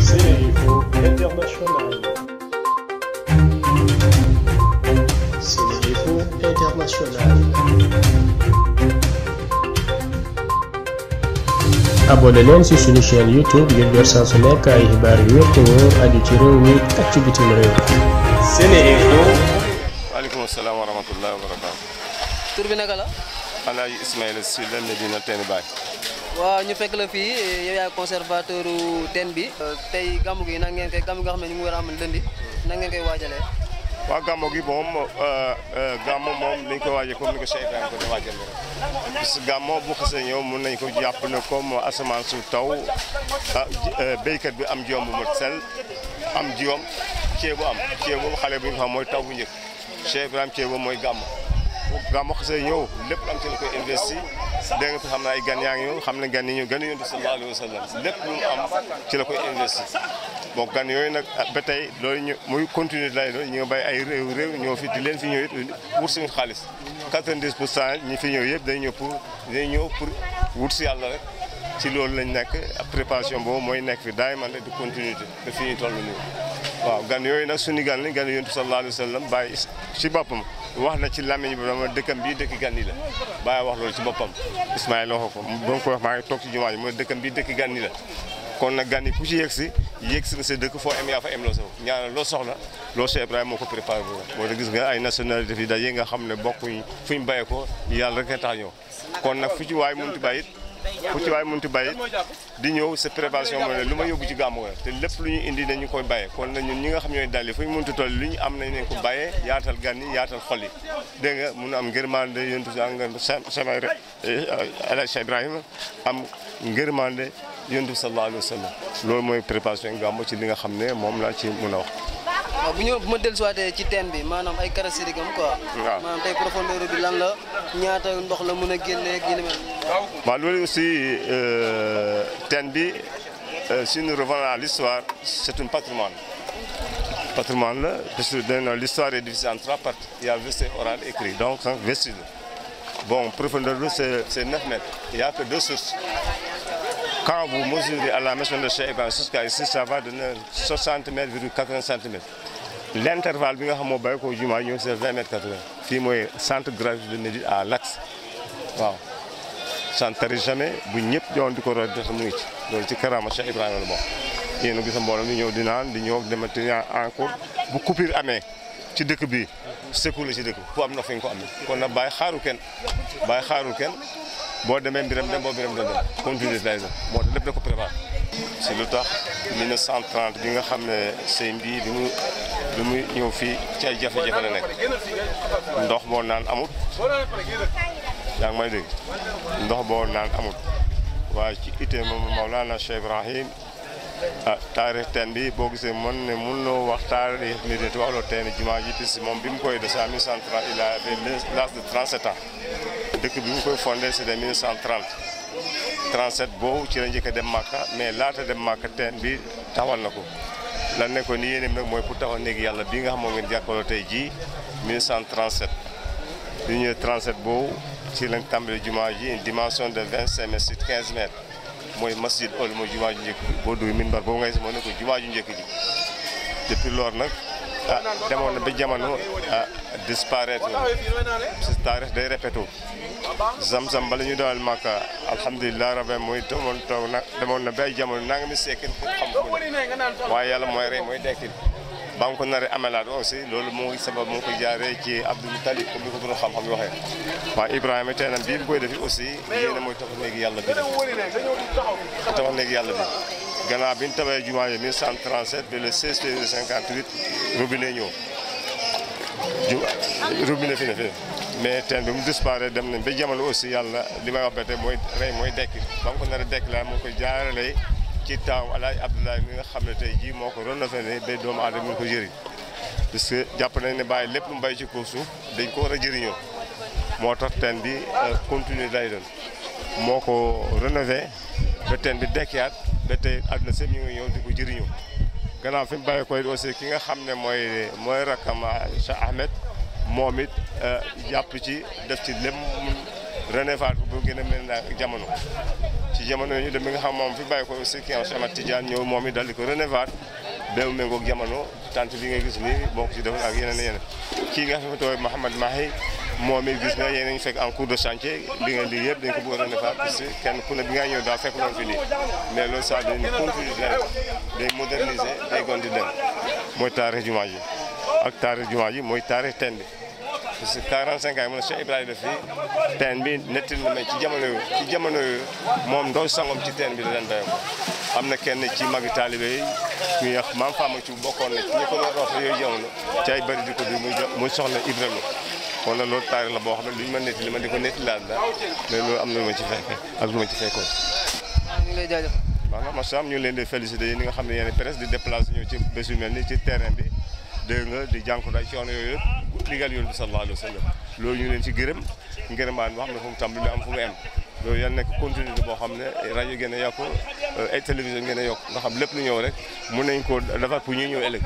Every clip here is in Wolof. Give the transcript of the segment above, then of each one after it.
Sénéinfo International. Sénéinfo International. abonné leen ci suñu chaîne YouTube ngir su nekk ay xibaar yu wér te wóor aju ci réew mi ak ci bitim réew. Sénéinfo. waaleykum salaam wa rahmatulah la. Alaaji Ismaïla Sylla waaw ñu fekk la fii yow yaay conservateur teen bi tey gàmmu gi nag ngeen koy gàmmu gi xam ne ñu ngi war a am lëndi nag ngeen koy waajalee waaw gàmmu gi moom euh, euh, gàmmu moom dañ koy waaje comme ni ko Cheikh Ibrahima ko di waajal rek parce que gàmmu bu xasee ñëw mun nañ ko jàpp ne comme asamaan su taw ah, euh, béykat bi am jiwam bu mat sel am jiwam ceebu am ceebu xale bu ñu xam mooy taw bu njëkk Cheikh Ibrahima ceebu mooy gàmmu gàmmu xasee ñëw lépp am ci la koy investi dégg nga xam naa ay gan yaa ngi ñëw xam ne gan yi ñu gan yonent bi sallallahu alayhi wa sallam lépp lu mu am ci la koy investi bon gan yooyu nag ah, ba tey loolu ñu muy continuer lay doon ñu ngi bàyyi ay réew réew ñoo fi di leen fi ñëw it wut suñu xaalis 90 pour cent ñi fi ñëw yëpp day ñëw pour day ñëw pour wut si yàlla rek ci loolu lañ nekk préparation boobu mooy nekk fi daay man rek di continuité te fi ñu toll nii waaw gan yooyu nag suñu gan lañ gan yonent bi sallallahu alayhi wa sallam bàyyi ci boppam wax na ci làmmiñ bi dama dëkkam bii dëkk gan yi la bàyyi wax loolu ci boppam Ismaïla wax ko ba mu ko wax maa ngi toog ci jumaa ji mooy dëkkam bii dëkk gan yi la kon na gan yi ku ci yegg si yegg si nga sa dëkk foo em yaa fa em loo sa ñaanal loo soxla loo sa Ibrahima moo ko préparé bo moo tax gis nga ay nationalité fi daje nga xam ne fu ñu bàyyee ko yàlla rek a tax ñëw kon nag fu ci waay ku ci waay mënti bàyyi di ñëw sa prévention mooy lu ma yóbbu ci gàmmu ga te lépp lu ñu indi dañu koy bàyyee kon na ñun ñi nga xam ñooy dal yi fu ñu mënti toll lu ñu am nañ leen ko bàyyee yaatal gan yi yaatal xol yi dégg nga mun a am ngërmande yontu si nga sama Alaaji Cheikh Ibrahima am ngërmande yontu sallallahu alayhi wa sallam loolu mooy préparation gàmmu ci li nga xam ne moom laa ci mën a wax waaw bu ñu bu ma dellusiwaatee ci teen bi maanaam ay caractéristiques am quoi. waaw maanaam tey profondeur bi lan la ñaata ndox la mën a génneeg yi ni mel. waaw loolu aussi euh, teen bi euh, si nous revenons à l'histoire c'est un patrimoine. patrimoine là parce que l'histoire est divisée en trois parties il y a écrit donc cinq vestiaires bon profondeur bi c'est 9 mètres il y a que deux sources quand vous mesurez à la de Cheikh Ibrahima mètres virgule 80 centimètres l' intervalle bi nga xam moo bàyyi ko jumaa ñëw c'est 20 mètres 80 fii mooy centre graphique de Médine à l'axe waaw centre jamais bu ñëpp doon di ko roy mu ngi ci loolu ci karama Cheikh Ibrahima la bokk yéen a gis mbooloo mi ñëw di naan di ñëw demati encore bu coupure amee ci dëkk bi seku la ci dëkk ku am na fi nga ko amee kon nag bàyyi xaaru ken bàyyi xaaru ken boo demee biram dem boo mbiram dem dem continuer lay def moo tax lépp ko prévoir. si lu tax bi nga xam ne sëñ bi bi lu muy ñëw fii ci ay jafe-jafe la nekk ndox boo naan amut yaa ngi may dégg ndox boo naan amut waaye ci itte moom Maulana Cheikh Ibrahim a ah, taarix ten bi boo gisee mën ne mën noo wax taarix nit it waxloo teen jumaa ji pis moom bi mu koy de sa 1930 il avait l'âge de 37 ans dëkk bi mu koy fondé c'est de 1930 37 boobu ci la njëkk a dem Màkka mais laata dem Màkka teen bi taxawal na ko lan nekkoon ni yéeneem nag mooy pour taxaw néegi yàlla bii nga xam moo ngeen jàkkaarloo tey jii 1937 bi ñu 37 boobu ci lañ tàmbali jumaa ji une dimension de 25 mètres sur 15 mètres mooy masjid ol mooy jumaa ju njëkk boo duy minbar boobu ngay gis moo nekkoon jumaa ju njëkk ji depuis loolu nag ah demoon na bi jamono ah disparaître disparaître day répété zam-zam bala ñu dawal màkka alhamdulilah rabbi muy demoon toog na demoon na bay jamono naa nga mi seekil pour xam ko waaye yàlla mooy rey mooy dekkil ba nga ko naree aussi loolu moo ngi sabab mu ko jaaree ci Abdoul Talib comme ni ko borom xam-xam waxee waaye Ibrahima tey nag bii mu koy defi aussi yéen a mooy tax néegi yàlla bi tax néegi yàlla bi gannaaw bi ñu tabaxee jumaa yi 1937 ba le 16 février 58 robinet ñëw ju robinet fi ne fi mais teen bi mu disparaît dem nañ ba jamono aussi yàlla li may wax ba tey mooy rey mooy dekki ba mu ko nar a dekk laa moo koy jaarale ci taaw Alaaji Abdoulaye mi nga xam ne tey jii moo ko renouvelé ba doomu aadama ko jëriñ parce jàpp nañ ne bàyyi lépp mu bàyyi ci kaw suuf dañ ko war a jariñoo moo tax teen bi euh, continuer lay doon moo ko rénové ba teen bi dekkiyaat ba tey àdduna sëpp ñu ngi ñëw di ko jëriñoo gannaaw fi mu bàyyi ko aussi ki nga xam ne mooy mooy rakkam Cheikh Ahmed moom it euh, jàpp ci def ci lépp renévaat bu gën a mel na jamono ci jamono yi ñu dem mi nga xam moom fi bàyyi ko aussi ki nga xam Cheikh Ahmed Tidiane ñëw moom it dal di ko renévaat béew méngoog jamono tant bi nga gis ni bokk ci defal ak yeneen yeneen kii nga xam tooy Mouhamad Mahi moom it gis nga yéen ngi fekk en cours de chantier li nga lii yëpp dañ ko bëggoon a defaat parce que kenn ku ne bi nga ñëw daal fekk loon fi lii mais loolu ça dañuy continuer day moderniser day gon di dem mooy taarix jumaa ji ak taarix jumaa ji mooy taarix teen bi parce que 45 ans mën na Cheikh Ibrahima def fii teen bi nettil na mais ci jamono yu ci jamono yu moom ndaw sangam ci teen bi da leen doyoon am na kenn ci magi taalibe yi ñuy wax maam Fama ci bokkoon na ci ñi ko doon root yooyu jamono ci ay bëri di ko di muy soxla Ibrahima wala loolu taarix la boo xam ne lu ñu ma netti li ma di ko netti laal daal mais loolu am na lu ma ci fekke ak lu ma ci fekkoon waaw ñu ngi ñu leen di féliciter yéen ñi nga xam ne yéen presse di déplacer ñëw ci bés yu mel nii ci terrain bi dégg nga di jànkuwaay ci yoon yooyu yëpp digal yoon bi sallallahu alayhi wa sallam loolu ñu ngi leen ci gërëm ngërëmaan boo xam ne fu mu tàmbali am fu mu em loolu yal nekk continuité boo xam ne rajo gën a yokk euh, gën a yokk nga xam lépp lu ñëw rek mun nañ koo defar pour ñu ñëw ëllëg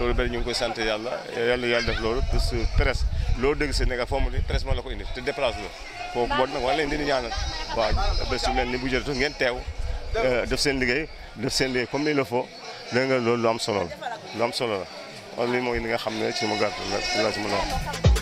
loolu bari ñu ngi koy sant yàlla yàlla yàlla def loolu plus presse loolu dégg Sénégal foo mu ne traitement la ko indi te déplacé la kooku nag wala leen di ñaanal waaw bés bu mel ni bu jël ngeen teew euh, def seen liggéey def seen liggéey comme il le faut dégg nga loolu lu am solo la lu am solo la wala lii mooy ni nga xam ne ci ma gàtt la si mën a